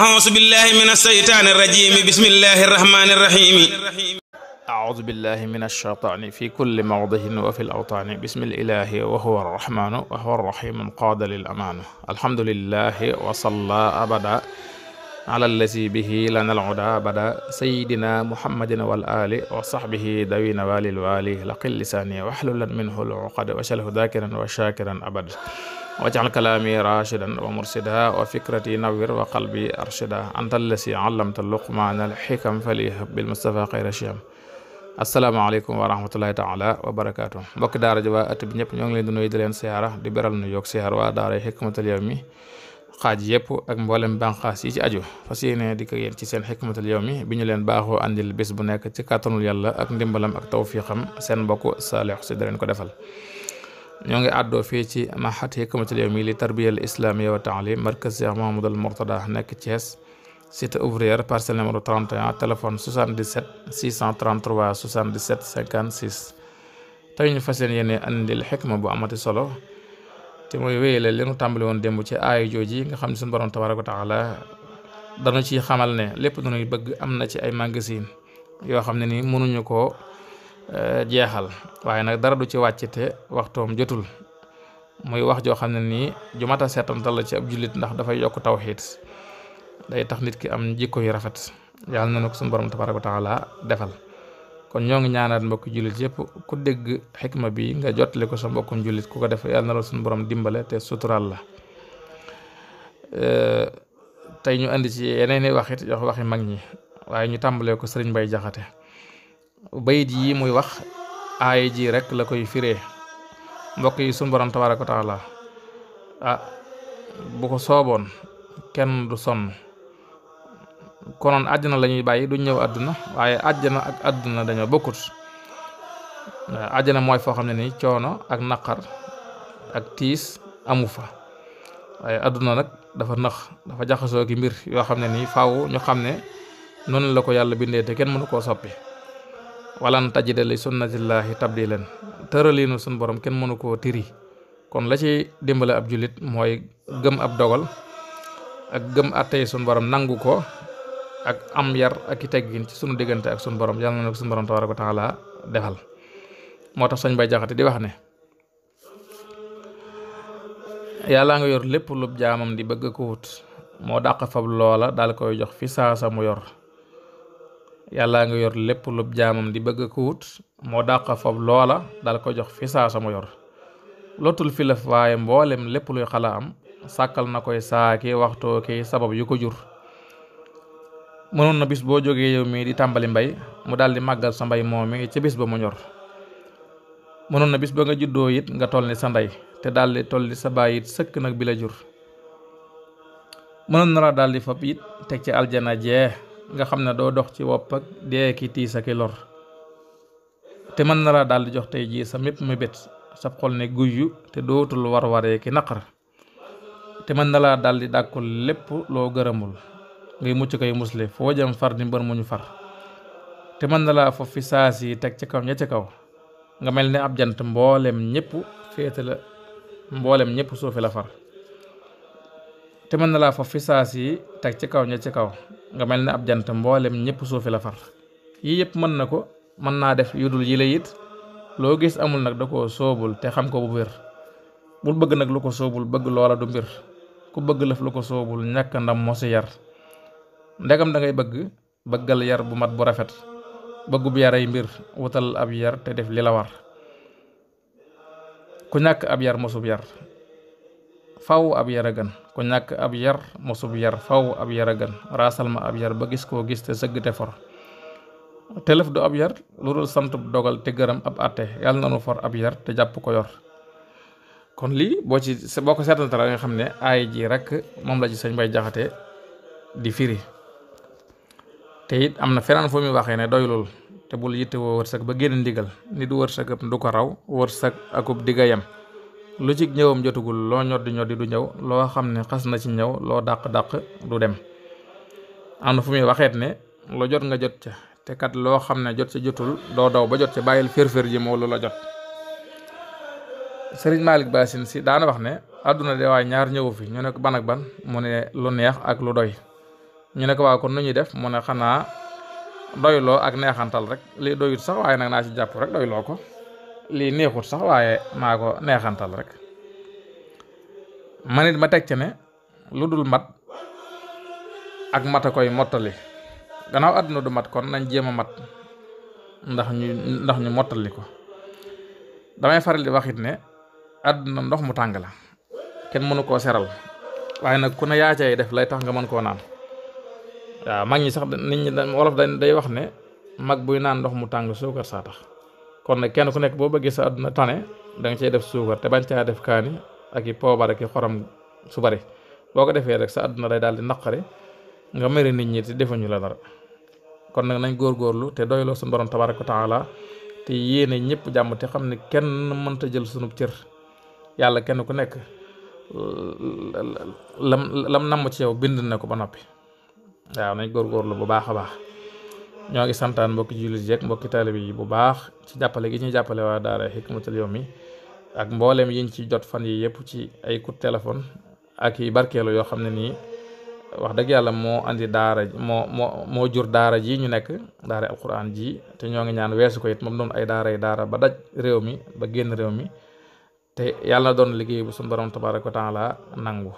أعوذ بالله من الشيطان الرجيم بسم الله الرحمن الرحيم أعوذ بالله من الشيطان في كل موضع وفي الأوطان بسم الإله وهو الرحمن وهو الرحيم قاد للأمان الحمد لله وصلى أبدا على الذي به لنا العدى بدا سيدنا محمد والآل وصحبه ذوي نوال الوالي لقل لساني واحلل منه العقد وشله ذاكرا وشاكرا أبدا wajal kalaami rashidan wa mursida wa fikrati nawir wa qalbi arshida antal lasi allamta luqmaana alxikam falihab bil mustafa xayra shiyam asalaamaaleykum wa rahmatullahi taala wa barakaatu mbokki daara ji waa at bi ñëpp ñoo ngi leen di nuyu di leen siyaara di beral nu yoog siyaar waa daara xikmatul yawmi xaaj yëpp ak mboolem bànqaas yi ci aju fas yéene di ko yéen ci seen xikmatul yawmi bi ñu leen baaxoo andil bés bu nekk ci kàttanul yàlla ak ndimbalam ak tawfiqam seen mbokk saalix da leen ko defal ñoo ngi àddoo fii ci mahat hikmatul yawmi li tarbiyal islamiyya wa taalim markaz Cheikh Mouhamadul Mourtada nekk Thiès cité ouvrière parcelle numéro 31 téléphone 77 633 77 56 tey ñu fas yéene xikma bu amati solo te mooy wéyale li nu tàmbali woon démb ci aaya jooji nga xam ne suñu borom tabaraka wa taala danu ci xamal ne lépp lu nuy bëgg am na ci ay magasin yoo xam ne ni mënuñu ko Eh, jeexal waaye nag dara du ci wàcc te waxtoom jotul muy wax joo xam ne nii ju mat a seetantal la ci ab jullit ndax dafay yokk tawxiit day tax nit ki am jikko yu rafet yàlla na ko suñu borom tabaaraka wa taala defal kon ñoo ngi ñaanaat mbokki jullit yëpp ku dégg xikma bi nga jottali ko sa mbokkum jullit ku ko def yàlla na la borom dimbale te suturaal la eh, tey ñu indi ci yeneen i wax it yoo waxi mag ñi waaye ñu tàmbalee ko sëriñ bay Jaxate bayit yi muy wax aay ji rek la koy firee mbokk yi sunu borom ko wa taala ah bu ko sooboon kenn du sonn konoon àjjana la ñuy bàyyi du ñëw àdduna waaye àjj àjjana ak àdduna dañoo bokkut ah, àjjana mooy foo xam ne ni coono ak naqar ak tiis amu fa waaye àdduna nag dafa nax dafa jaxasoo ki mbir yoo xam ne nii faaw ñu xam ne noonu la ko yàlla bindee te kenn mënu koo soppi walan tajida li sunnatillahi tabdilan tëraliinu suñ borom kenn mënu koo tiri kon la ci dimbale ab jullit mooy gëm ab dogal ak gëm àttey suñ borom nangu ko ak am yar ak i teggin ci sunu diggante ak sunu borom yàlla na ko sunu borom tabaaraka wa taala defal moo tax sëñ bay jaxate di wax ne yàllaa nga yor lépp lu jaamam di bëgg ko wut moo dàq fab loola daal koy jox fi saasa mu yor yàllaa nga yor lépp lu jaamam di bëgg ko wut moo dàq fab loola dal ko jox fi saa sama yor lootul filaf waaye mboolem lépp luy xala am sàkkal na koy saaki waxtoo ki sabab yu ko jur mënoon na bis boo jógee yow mii di tàmbali mbay mu daal màggal sa mbay moom mi ca bis ba mu ñor mënoon na bis ba nga juddoo it nga toll ni sa ndey te daal di sa baay it sëkk nag bi la jur mënoon na la daal fab it teg ci aljana jee nga xam ne doo dox ci wopp ak dee ki tiis ak lor te mën na laa daal di jox tey jii sa mépp mu bét sab xol ne guyyu te dootul war waree ki naqar te mën na laa daldi di lépp loo gërëmul ngay mucc koy musle foo jëm far di mbër mu ñu far te mën na laa foofu fi saas yi teg ci kaw ña ci kaw nga mel ni ab jant mboolem ñëpp féete la mboolem ñëpp suufi la far te mën na laa foofu fi saas yi teg ci kaw ña ci kaw nga mel ne ab jant mboolem ñëpp suufi la far yii yëpp mën na ko mën naa def yudul yi la yit loo gis amul nag da ko soobul te xam ko bu wér bul bëgg nag lu ko soobul bëgg loola du mbir ku bëgg lëf lu ko soobul ñàkk ndam mosi yar ndegam dangay bëgg bëggal yar bu mat bu rafet bëggub yaray mbir wutal ab yar te def li la war ku ñàkk ab yar mosub yar faw ab yar a gën ku ñàkk ab yar mosub yar faw ab yar a gën raasal ma ab yar ba gis koo gis te sëgg te for telef du ab yar lu dul sant bu dogal te gërëm ab àtte yàlla na nu for ab yar te jàpp ko yor kon lii boo ci boo ko seetantara nga xam ne aay ji rek moom la ci sëñ bay jaxate di firi te it am na feneen fu muy waxee ne doylul te bul yitte woo wërsëg ba génn ndigal ni du wërsëg du ko raw wërsëg akub digga yem lu ci ñëwam jotugul loo ñoddi ñoddi du ñëw loo xam ne xas na ci ñëw loo dàq-dàq du dem am na fu muy waxeet ne lu jot nga jot ca te kat loo xam ne jot ca jotul doo daw ba jot ca bàyyil fér-fér ji moo lu la jot sëriñ Malick Bassine si daana wax ne àdduna de waay ñaar ñëwu fi ñu nekk ko ban ak ban mu ne lu neex ak lu doy ñu ne ko waaw kon nu ñuy def mu ne xanaa doyloo ak neexantal rek li doyut sax waaye nag naa ci jàpp rek doyloo ko lii neexut sax waaye maa ko neexantal rek man it ma teg ci ne lu dul mat ak mat a koy mottali gannaaw àdduna du mat kon nañ jéem a mat ndax ñu ñu mottali ko damay faral di waxit ne àdduna ndox mu tàng la kenn mënu koo seral waaye nag ku ne yaa cay def lay tax nga mën koo naan waaw mag ñi sax nit ñi wolof day wax ne mag buy naan ndox mu tàng suukar saa tax kon nag kenn ku nekk boo bëggee sa àdduna tane da nga cey def suukar te bañ caa def kaani ak i poobar ak i xorom su bari boo ko defee rek sa àdduna day daal di naqari nga mere nit ñi te defuñu la dara kon nag nañ góor góorlu te doyloo suñu borom tabaraka taala te yéene ñëpp jàmm te xam ne kenn mënta jël sunub cër yàlla kenn ku nekk lam lam namm ci yow bind na ko ba noppi waaw nañ góorgóorlu bu baax a baax ñoo ngi santaan mbokki jullit yeeg mbokki taalibe yi bu baax ci jàppale gi ñuy jàppale waa daara Hikmatul Yawmi ak mboolem yiñ ci jot fan yi yëpp ci ay coup de ak yi barkeelu yoo xam ne nii wax dëgg yàlla moo andi daara moo moo moo jur daara ji ñu nekk daara alquran ji te ñoo ngi ñaan weesu ko it moom doon ay daara yi daara ba daj réew mi ba génn réew mi te yàlla na doon liggéey bu suñu borom tabaaraka wa taala nangu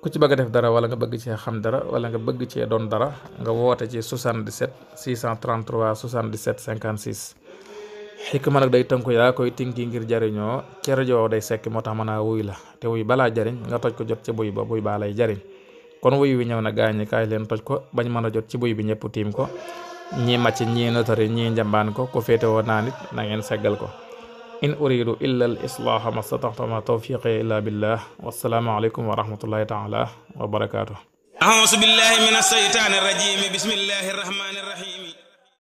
ku ci bëgg a def dara wala nga bëgg cee xam dara wala nga bëgg cee doon dara nga woote ci 77 633 77 56 ma nag day tënku yaa koy tinki ngir jariñoo ci rajo day sekki moo tax mën a wuy la te wuy balaa jariñ nga toj ko jot ci buy ba buy baa lay jariñ kon wuy wi ñëw na gaañi kaay leen toj ko bañ mën a jot ci buy bi ñëpp tiim ko ñii màcc ñii notari ñii njambaan ko ku féete woo naa ni na ngeen seggal ko in uridu illa al islaaha ma stataxtama tawfiqi illa billah wassalaamu aleykum wa rahmatullahi taala wa barakatuh auzu billahi min alsheytaani arrajim bismillahi arrahmani arrahim